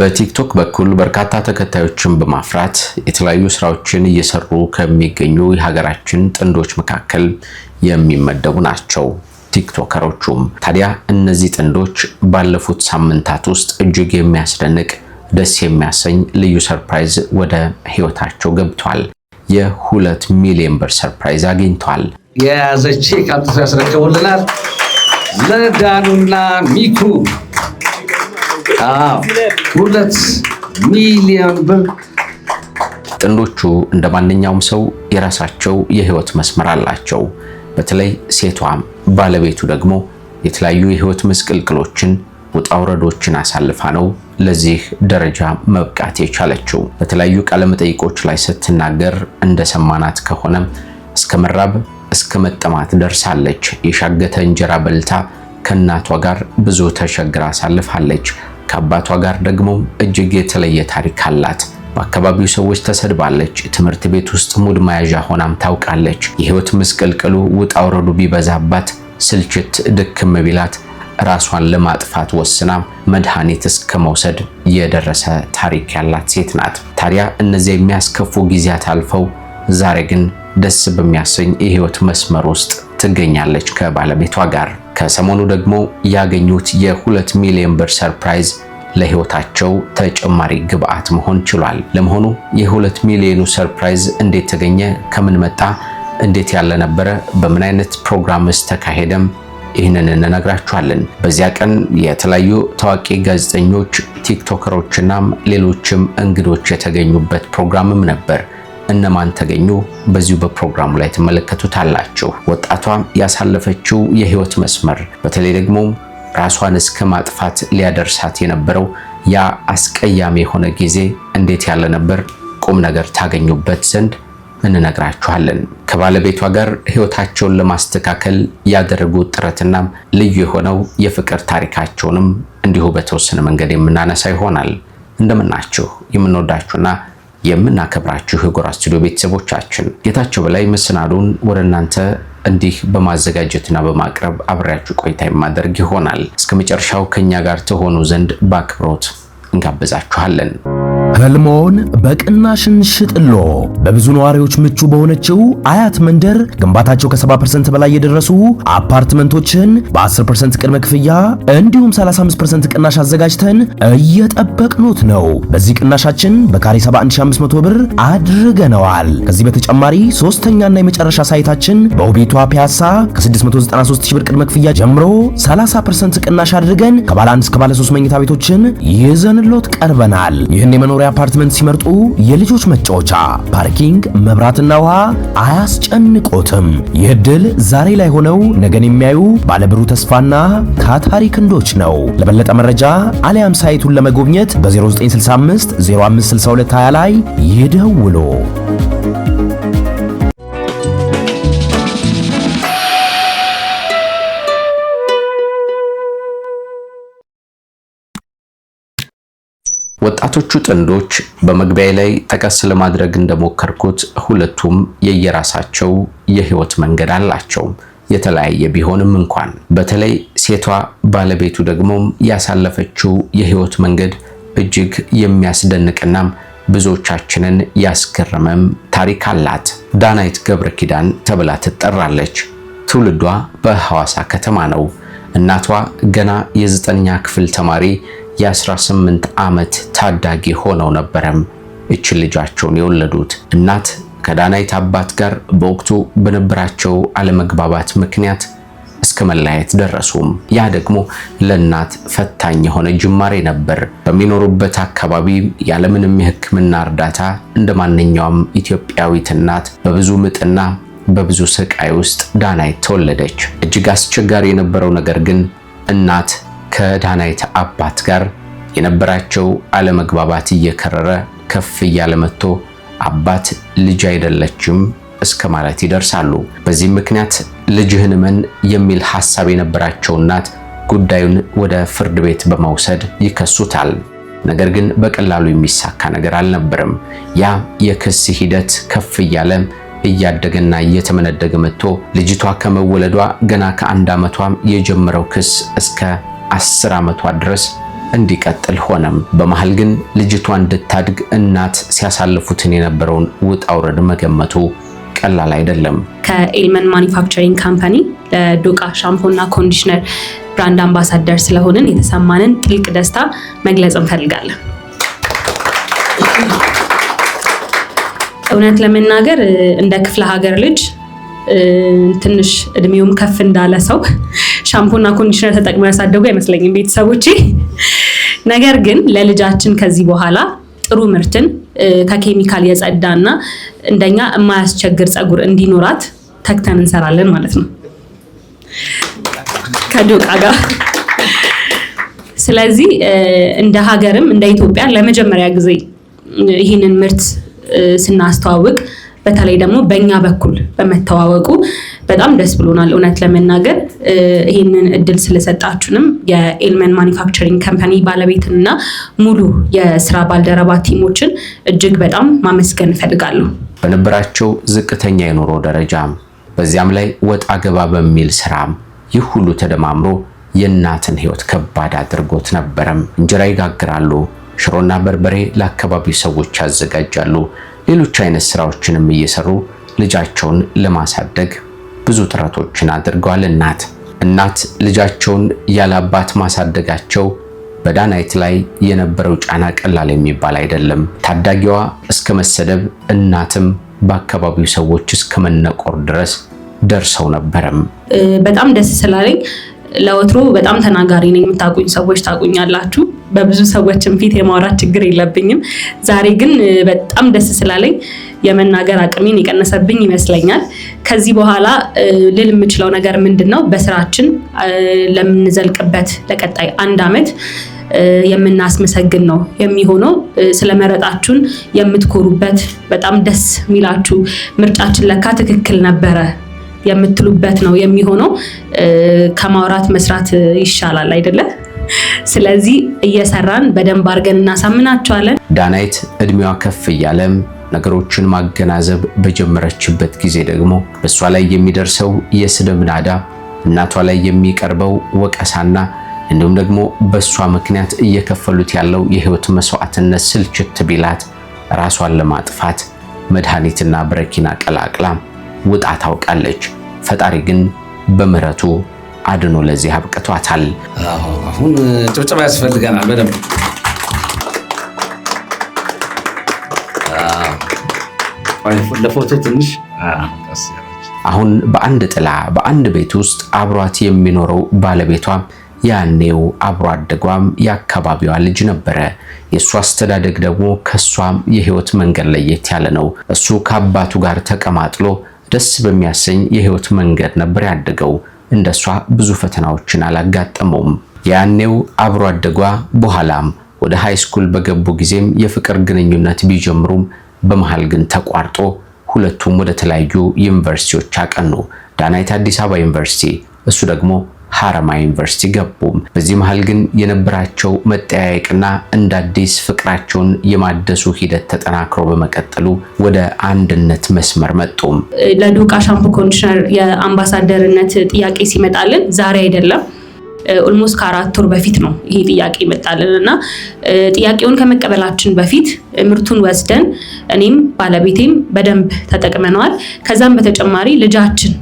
በቲክቶክ በኩል በርካታ ተከታዮችን በማፍራት የተለያዩ ስራዎችን እየሰሩ ከሚገኙ የሀገራችን ጥንዶች መካከል የሚመደቡ ናቸው። ቲክቶከሮቹም ታዲያ እነዚህ ጥንዶች ባለፉት ሳምንታት ውስጥ እጅግ የሚያስደንቅ ደስ የሚያሰኝ ልዩ ሰርፕራይዝ ወደ ህይወታቸው ገብቷል። የሁለት ሚሊዮን ብር ሰርፕራይዝ አግኝቷል። የያዘች ከአምጥቶ ያስረከቡልናል ለዳኑና ሚኩ ሁለት ሚሊዮን ብር። ጥንዶቹ እንደ ማንኛውም ሰው የራሳቸው የህይወት መስመር አላቸው። በተለይ ሴቷም ባለቤቱ ደግሞ የተለያዩ የህይወት ምስቅልቅሎችን ውጣ ውረዶችን አሳልፋ ነው ለዚህ ደረጃ መብቃት የቻለችው። በተለያዩ መጠይቆች ላይ ስትናገር እንደሰማናት ከሆነ እስከ መራብ እስከ መጠማት ደርሳለች። የሻገተ እንጀራ በልታ ከእናቷ ጋር ብዙ ተቸግራ አሳልፋለች። ከአባቷ ጋር ደግሞ እጅግ የተለየ ታሪክ አላት። በአካባቢው ሰዎች ተሰድባለች። ትምህርት ቤት ውስጥ ሙድ መያዣ ሆናም ታውቃለች። የህይወት ምስቅልቅሉ ውጣ ውረዱ ቢበዛባት፣ ስልችት ድክም ቢላት ራሷን ለማጥፋት ወስና መድኃኒት እስከ መውሰድ የደረሰ ታሪክ ያላት ሴት ናት። ታዲያ እነዚያ የሚያስከፉ ጊዜያት አልፈው ዛሬ ግን ደስ በሚያሰኝ የህይወት መስመር ውስጥ ትገኛለች ከባለቤቷ ጋር። ከሰሞኑ ደግሞ ያገኙት የሁለት ሚሊዮን ብር ሰርፕራይዝ ለህይወታቸው ተጨማሪ ግብአት መሆን ችሏል። ለመሆኑ የ2 ሚሊዮኑ ሰርፕራይዝ እንዴት ተገኘ? ከምን መጣ? እንዴት ያለ ነበረ? በምን አይነት ፕሮግራምስ ተካሄደም? ይህንን እንነግራችኋለን። በዚያ ቀን የተለያዩ ታዋቂ ጋዜጠኞች፣ ቲክቶከሮችናም ሌሎችም እንግዶች የተገኙበት ፕሮግራምም ነበር። እነማን ተገኙ በዚሁ በፕሮግራሙ ላይ ትመለከቱታላችሁ። ወጣቷ ያሳለፈችው የህይወት መስመር በተለይ ደግሞ ራሷን እስከ ማጥፋት ሊያደርሳት የነበረው ያ አስቀያሚ የሆነ ጊዜ እንዴት ያለ ነበር? ቁም ነገር ታገኙበት ዘንድ እንነግራችኋለን። ከባለቤቷ ጋር ህይወታቸውን ለማስተካከል ያደረጉት ጥረትና ልዩ የሆነው የፍቅር ታሪካቸውንም እንዲሁ በተወሰነ መንገድ የምናነሳ ይሆናል። እንደምናችሁ የምንወዳችሁና የምናከብራችሁ የጎራ ስቱዲዮ ቤተሰቦቻችን ጌታቸው በላይ መሰናዶን ወደ እናንተ እንዲህ በማዘጋጀትና በማቅረብ አብሬያችሁ ቆይታ የማደርግ ይሆናል። እስከ መጨረሻው ከእኛ ጋር ተሆኑ ዘንድ በአክብሮት እንጋብዛችኋለን። ህልሞን በቅናሽን ሽጥሎ በብዙ ነዋሪዎች ምቹ በሆነችው አያት መንደር ግንባታቸው ከ70% በላይ የደረሱ አፓርትመንቶችን በ10% ቅድመ ክፍያ እንዲሁም 35% ቅናሽ አዘጋጅተን እየጠበቅኖት ነው። በዚህ ቅናሻችን በካሬ 71500 ብር አድርገነዋል። ከዚህ በተጨማሪ ሶስተኛና የመጨረሻ ሳይታችን በውቤቷ ፒያሳ ከ 693000 ብር ቅድመ ክፍያ ጀምሮ 30% ቅናሽ አድርገን ከባለ አንድ እስከ ባለ 3 መኝታ ቤቶችን ይዘንሎት ቀርበናል። ይህን የመኖሪያ መኖሪያ አፓርትመንት ሲመርጡ የልጆች መጫወቻ፣ ፓርኪንግ፣ መብራትና ውሃ አያስጨንቆትም። ይህ ድል ዛሬ ላይ ሆነው ነገን የሚያዩ ባለብሩህ ተስፋና ካታሪ ክንዶች ነው። ለበለጠ መረጃ አሊያም ሳይቱን ለመጎብኘት በ0965 ላይ ይደውሉ። ወጣቶቹ ጥንዶች በመግቢያ ላይ ጠቀስ ለማድረግ እንደሞከርኩት ሁለቱም የየራሳቸው የህይወት መንገድ አላቸው የተለያየ ቢሆንም እንኳን በተለይ ሴቷ ባለቤቱ ደግሞ ያሳለፈችው የህይወት መንገድ እጅግ የሚያስደንቅናም ብዙዎቻችንን ያስገረመም ታሪክ አላት። ዳናይት ገብረ ኪዳን ተብላ ትጠራለች። ትውልዷ በሐዋሳ ከተማ ነው። እናቷ ገና የዘጠነኛ ክፍል ተማሪ የ18 ዓመት ታዳጊ ሆነው ነበረም እችን ልጃቸውን የወለዱት። እናት ከዳናይት አባት ጋር በወቅቱ በነበራቸው አለመግባባት ምክንያት እስከ መለያየት ደረሱም። ያ ደግሞ ለእናት ፈታኝ የሆነ ጅማሬ ነበር። በሚኖሩበት አካባቢ ያለምንም የሕክምና እርዳታ እንደ ማንኛውም ኢትዮጵያዊት እናት በብዙ ምጥና በብዙ ስቃይ ውስጥ ዳናይት ተወለደች። እጅግ አስቸጋሪ የነበረው ነገር ግን እናት ከዳናይት አባት ጋር የነበራቸው አለመግባባት እየከረረ ከፍ እያለ መጥቶ አባት ልጅ አይደለችም እስከ ማለት ይደርሳሉ። በዚህም ምክንያት ልጅህን መን የሚል ሐሳብ የነበራቸው እናት ጉዳዩን ወደ ፍርድ ቤት በመውሰድ ይከሱታል። ነገር ግን በቀላሉ የሚሳካ ነገር አልነበረም። ያ የክስ ሂደት ከፍ እያለ እያደገና እየተመነደገ መጥቶ ልጅቷ ከመወለዷ ገና ከአንድ ዓመቷም የጀመረው ክስ እስከ አስር ዓመቷ ድረስ እንዲቀጥል ሆነም። በመሃል ግን ልጅቷ እንድታድግ እናት ሲያሳልፉትን የነበረውን ውጣ ውረድ መገመቱ ቀላል አይደለም። ከኤልመን ማኒፋክቸሪንግ ካምፓኒ ለዶቃ ሻምፖና ኮንዲሽነር ብራንድ አምባሳደር ስለሆንን የተሰማንን ጥልቅ ደስታ መግለጽ እንፈልጋለን። እውነት ለመናገር እንደ ክፍለ ሀገር ልጅ ትንሽ እድሜውም ከፍ እንዳለ ሰው ሻምፖና ኮንዲሽነር ተጠቅመው ያሳደጉ አይመስለኝም ቤተሰቦቼ። ነገር ግን ለልጃችን ከዚህ በኋላ ጥሩ ምርትን ከኬሚካል የጸዳና እንደኛ የማያስቸግር ፀጉር እንዲኖራት ተክተን እንሰራለን ማለት ነው ከዶቃ ጋር። ስለዚህ እንደ ሀገርም እንደ ኢትዮጵያ ለመጀመሪያ ጊዜ ይህንን ምርት ስናስተዋውቅ በተለይ ደግሞ በእኛ በኩል በመተዋወቁ በጣም ደስ ብሎናል። እውነት ለመናገር ይህንን እድል ስለሰጣችሁንም የኤልመን ማኒፋክቸሪንግ ከምፓኒ ባለቤትንና ሙሉ የስራ ባልደረባ ቲሞችን እጅግ በጣም ማመስገን እፈልጋለሁ። በነበራቸው ዝቅተኛ የኑሮ ደረጃም በዚያም ላይ ወጣ ገባ በሚል ስራም ይህ ሁሉ ተደማምሮ የእናትን ህይወት ከባድ አድርጎት ነበረም። እንጀራ ይጋግራሉ ሽሮና በርበሬ ለአካባቢው ሰዎች ያዘጋጃሉ። ሌሎች አይነት ስራዎችንም እየሰሩ ልጃቸውን ለማሳደግ ብዙ ጥረቶችን አድርገዋል። እናት እናት ልጃቸውን ያለ አባት ማሳደጋቸው በዳናይት ላይ የነበረው ጫና ቀላል የሚባል አይደለም። ታዳጊዋ እስከ መሰደብ እናትም በአካባቢው ሰዎች እስከ መነቆር ድረስ ደርሰው ነበረም። በጣም ደስ ስላለኝ ለወትሮ በጣም ተናጋሪ ነኝ። የምታቁኝ ሰዎች ታቁኛላችሁ። በብዙ ሰዎችም ፊት የማውራት ችግር የለብኝም። ዛሬ ግን በጣም ደስ ስላለኝ የመናገር አቅሜን የቀነሰብኝ ይመስለኛል። ከዚህ በኋላ ልል የምችለው ነገር ምንድን ነው? በስራችን ለምንዘልቅበት ለቀጣይ አንድ አመት የምናስመሰግን ነው የሚሆነው። ስለመረጣችሁን የምትኮሩበት በጣም ደስ የሚላችሁ ምርጫችን ለካ ትክክል ነበረ የምትሉበት ነው የሚሆነው። ከማውራት መስራት ይሻላል አይደለም? ስለዚህ እየሰራን በደንብ አድርገን እናሳምናቸዋለን። ዳናይት እድሜዋ ከፍ እያለም ነገሮችን ማገናዘብ በጀመረችበት ጊዜ ደግሞ በእሷ ላይ የሚደርሰው የስድብ ናዳ፣ እናቷ ላይ የሚቀርበው ወቀሳና እንዲሁም ደግሞ በእሷ ምክንያት እየከፈሉት ያለው የህይወት መስዋዕትነት ስልችት ቢላት ራሷን ለማጥፋት መድኃኒትና ብረኪና ቀላቅላ ውጣ ታውቃለች። ፈጣሪ ግን በምሕረቱ አድኖ ለዚህ አብቅቷታል። አሁን ጭብጨባ ያስፈልገናል በደንብ ለፎቶ ትንሽ አሁን በአንድ ጥላ በአንድ ቤት ውስጥ አብሯት የሚኖረው ባለቤቷም ያኔው አብሮ አደጓም የአካባቢዋ ልጅ ነበረ። የእሱ አስተዳደግ ደግሞ ከእሷም የህይወት መንገድ ለየት ያለ ነው። እሱ ከአባቱ ጋር ተቀማጥሎ ደስ በሚያሰኝ የህይወት መንገድ ነበር ያደገው። እንደሷ ብዙ ፈተናዎችን አላጋጠመውም። ያኔው አብሮ አደጓ በኋላም ወደ ሃይ ስኩል በገቡ ጊዜም የፍቅር ግንኙነት ቢጀምሩም በመሃል ግን ተቋርጦ ሁለቱም ወደ ተለያዩ ዩኒቨርሲቲዎች አቀኑ። ዳናይት አዲስ አበባ ዩኒቨርሲቲ፣ እሱ ደግሞ ሀረማያ ዩኒቨርሲቲ ገቡም። በዚህ መሀል ግን የነበራቸው መጠያየቅና እንደ አዲስ ፍቅራቸውን የማደሱ ሂደት ተጠናክሮ በመቀጠሉ ወደ አንድነት መስመር መጡም። ለዶቃ ሻምፖ ኮንዲሽነር የአምባሳደርነት ጥያቄ ሲመጣልን ዛሬ አይደለም ኦልሞስት ከአራት ወር በፊት ነው ይሄ ጥያቄ ይመጣልን እና ጥያቄውን ከመቀበላችን በፊት ምርቱን ወስደን እኔም ባለቤቴም በደንብ ተጠቅመነዋል። ከዛም በተጨማሪ ልጃችን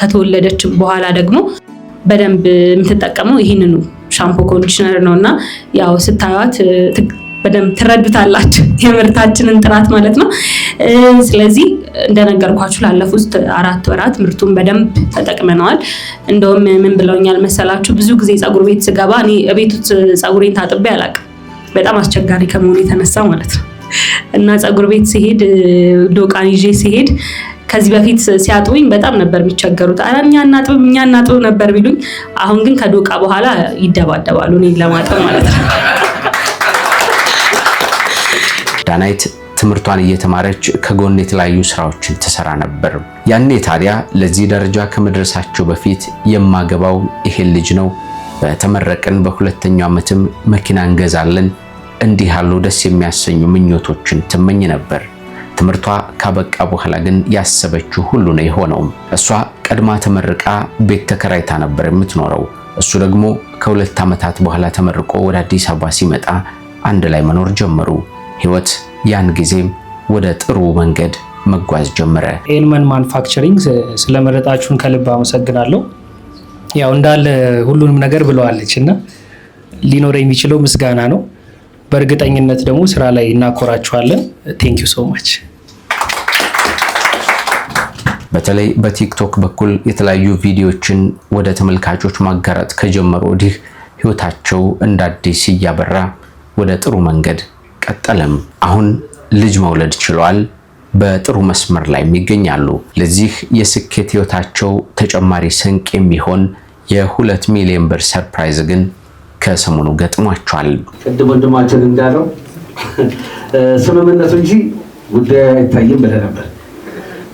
ከተወለደችን በኋላ ደግሞ በደንብ የምትጠቀመው ይህንኑ ሻምፖ ኮንዲሽነር ነው እና ያው ስታዩት በደንብ ትረዱታላችሁ የምርታችንን ጥራት ማለት ነው። ስለዚህ እንደነገርኳችሁ ላለፉት አራት ወራት ምርቱን በደንብ ተጠቅመነዋል። እንደውም ምን ብለውኛል መሰላችሁ? ብዙ ጊዜ ፀጉር ቤት ስገባ እኔ ቤቱ ፀጉሬን ታጥቤ አላቅም፣ በጣም አስቸጋሪ ከመሆኑ የተነሳ ማለት ነው እና ፀጉር ቤት ሲሄድ ዶቃን ይዤ ሲሄድ ከዚህ በፊት ሲያጥቡኝ በጣም ነበር የሚቸገሩት። ኧረ እኛ እናጥብም እኛ እናጥብም ነበር ቢሉኝ፣ አሁን ግን ከዶቃ በኋላ ይደባደባሉ እኔን ለማጠብ ማለት ነው። ዳናይት ትምህርቷን እየተማረች ከጎን የተለያዩ ስራዎችን ትሰራ ነበር። ያኔ ታዲያ ለዚህ ደረጃ ከመድረሳቸው በፊት የማገባው ይሄን ልጅ ነው፣ በተመረቅን በሁለተኛው ዓመትም መኪና እንገዛለን፣ እንዲህ ያሉ ደስ የሚያሰኙ ምኞቶችን ትመኝ ነበር። ትምህርቷ ካበቃ በኋላ ግን ያሰበችው ሁሉ ነው የሆነው። እሷ ቀድማ ተመርቃ ቤት ተከራይታ ነበር የምትኖረው። እሱ ደግሞ ከሁለት ዓመታት በኋላ ተመርቆ ወደ አዲስ አበባ ሲመጣ አንድ ላይ መኖር ጀመሩ። ህይወት ያን ጊዜም ወደ ጥሩ መንገድ መጓዝ ጀመረ። ኤልመን ማኑፋክቸሪንግ ስለመረጣችሁን ከልብ አመሰግናለሁ። ያው እንዳለ ሁሉንም ነገር ብለዋለች እና ሊኖረ የሚችለው ምስጋና ነው። በእርግጠኝነት ደግሞ ስራ ላይ እናኮራችኋለን። ቴንክ ዩ ሶ ማች። በተለይ በቲክቶክ በኩል የተለያዩ ቪዲዮዎችን ወደ ተመልካቾች ማጋራት ከጀመሩ ወዲህ ህይወታቸው እንደ አዲስ እያበራ ወደ ጥሩ መንገድ ቀጠለም። አሁን ልጅ መውለድ ችለዋል። በጥሩ መስመር ላይ ይገኛሉ። ለዚህ የስኬት ህይወታቸው ተጨማሪ ስንቅ የሚሆን የሁለት ሚሊዮን ብር ሰርፕራይዝ ግን ከሰሞኑ ገጥሟቸዋል። ቅድም ወንድማችን እንዳለው ስምምነቱ እንጂ ጉዳዩ አይታይም ብለህ ነበር።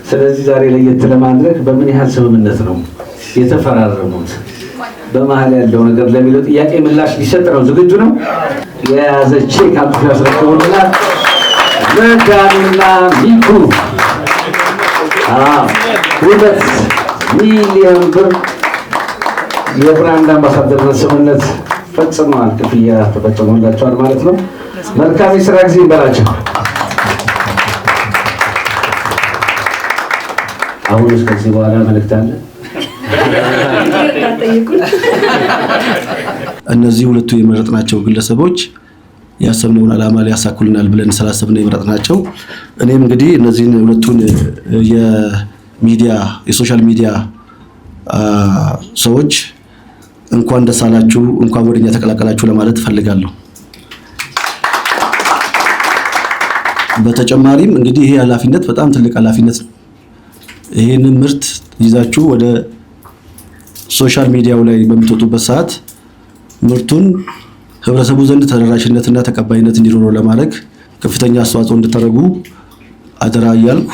ስለዚህ ዛሬ ለየት ለማድረግ በምን ያህል ስምምነት ነው የተፈራረሙት፣ በመሀል ያለው ነገር ለሚለው ጥያቄ ምላሽ ሊሰጥ ነው። ዝግጁ ነው? የያዘ ቼክ አምጥቶ ያስረክቡልና ሚኩ ሁለት ሚሊዮን ብር የብራንድ አምባሳደርነት ስምምነት ፈጽመዋል። ክፍያ ተፈጽሞላቸዋል ማለት ነው። መልካም የስራ ጊዜ ይበላቸው። አሁን እስከዚህ በኋላ መልእክት አለ። እነዚህ ሁለቱ የመረጥናቸው ግለሰቦች ያሰብነውን ዓላማ ሊያሳኩልናል ብለን የመረጥ የመረጥናቸው። እኔም እንግዲህ እነዚህን ሁለቱን የሚዲያ የሶሻል ሚዲያ ሰዎች እንኳን ደስ አላችሁ፣ እንኳን ወደኛ ተቀላቀላችሁ ለማለት እፈልጋለሁ። በተጨማሪም እንግዲህ ይሄ ኃላፊነት በጣም ትልቅ ኃላፊነት ነው። ይህንን ምርት ይዛችሁ ወደ ሶሻል ሚዲያው ላይ በምትወጡበት ሰዓት ምርቱን ህብረተሰቡ ዘንድ ተደራሽነትና ተቀባይነት እንዲኖረው ለማድረግ ከፍተኛ አስተዋጽኦ እንድታደርጉ አደራ እያልኩ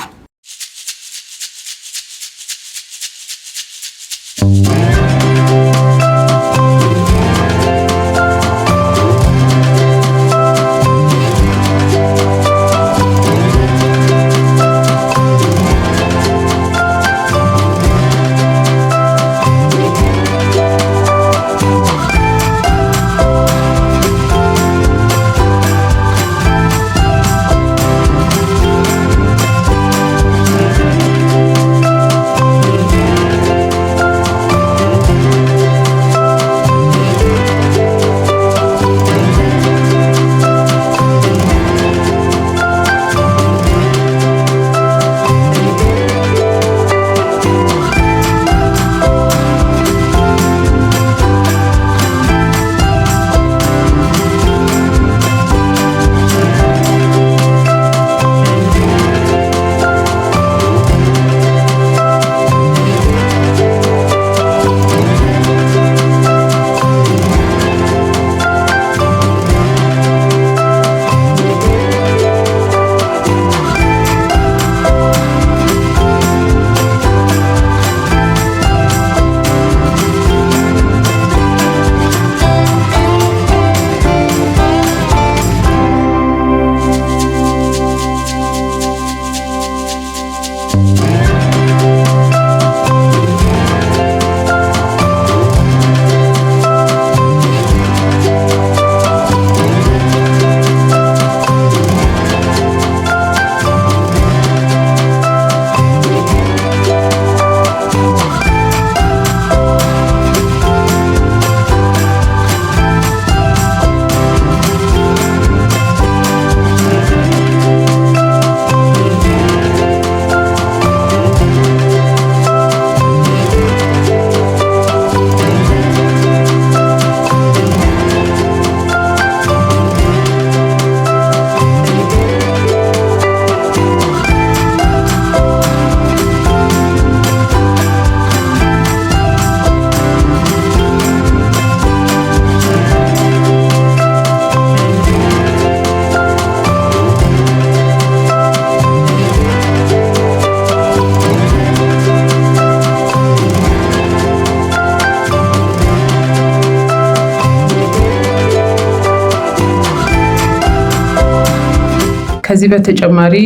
ከዚህ በተጨማሪ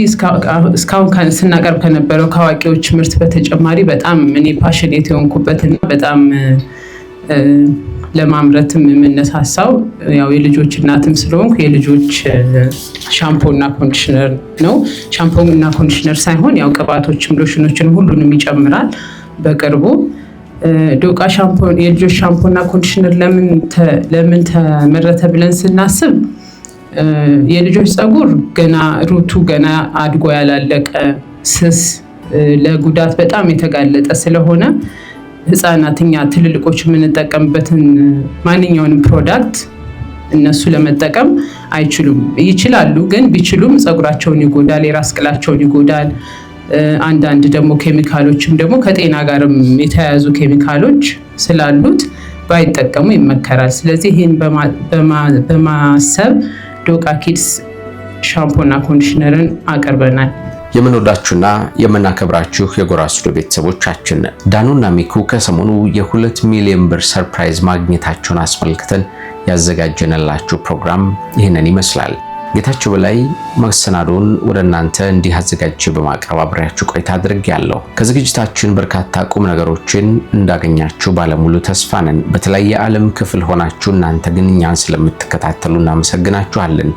እስካሁን ስናቀርብ ከነበረው ከአዋቂዎች ምርት በተጨማሪ በጣም እኔ ፓሽኔት የሆንኩበትና በጣም ለማምረትም የምነሳሳው ያው የልጆች እናትም ስለሆንኩ የልጆች ሻምፖና ኮንዲሽነር ነው። ሻምፖና ኮንዲሽነር ሳይሆን ያው ቅባቶችም ሎሽኖችን ሁሉንም ይጨምራል። በቅርቡ ዶቃ የልጆች ሻምፖና ኮንዲሽነር ለምን ተመረተ ብለን ስናስብ የልጆች ፀጉር ገና ሩቱ ገና አድጎ ያላለቀ ስስ ለጉዳት በጣም የተጋለጠ ስለሆነ ህፃናት እኛ ትልልቆች የምንጠቀምበትን ማንኛውንም ፕሮዳክት እነሱ ለመጠቀም አይችሉም። ይችላሉ ግን ቢችሉም ፀጉራቸውን ይጎዳል፣ የራስ ቅላቸውን ይጎዳል። አንዳንድ ደግሞ ኬሚካሎችም ደግሞ ከጤና ጋርም የተያያዙ ኬሚካሎች ስላሉት ባይጠቀሙ ይመከራል። ስለዚህ ይህን በማሰብ ዶቃ ኪድስ ሻምፖና ኮንዲሽነርን አቅርበናል። የምንወዳችሁና የምናከብራችሁ የጎራ ስቱዲዮ ቤተሰቦቻችን ዳኑና ሚኩ ከሰሞኑ የሁለት ሚሊዮን ብር ሰርፕራይዝ ማግኘታቸውን አስመልክተን ያዘጋጀንላችሁ ፕሮግራም ይህንን ይመስላል። ጌታቸው በላይ መሰናዶን ወደ እናንተ እንዲህ አዘጋጅቼ በማቅረብ አብሬያችሁ ቆይታ አድርጌያለሁ። ከዝግጅታችን በርካታ ቁም ነገሮችን እንዳገኛችሁ ባለሙሉ ተስፋ ነን። በተለያየ ዓለም ክፍል ሆናችሁ እናንተ ግን እኛን ስለምትከታተሉ እናመሰግናችኋለን።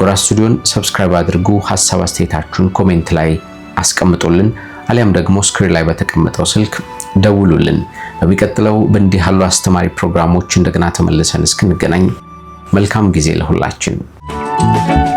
ጎራ ስቱዲዮን ሰብስክራይብ አድርጉ። ሀሳብ አስተያየታችሁን ኮሜንት ላይ አስቀምጡልን፣ አሊያም ደግሞ ስክሪን ላይ በተቀመጠው ስልክ ደውሉልን። በሚቀጥለው በእንዲህ ያሉ አስተማሪ ፕሮግራሞች እንደገና ተመልሰን እስክንገናኝ መልካም ጊዜ ለሁላችን። you.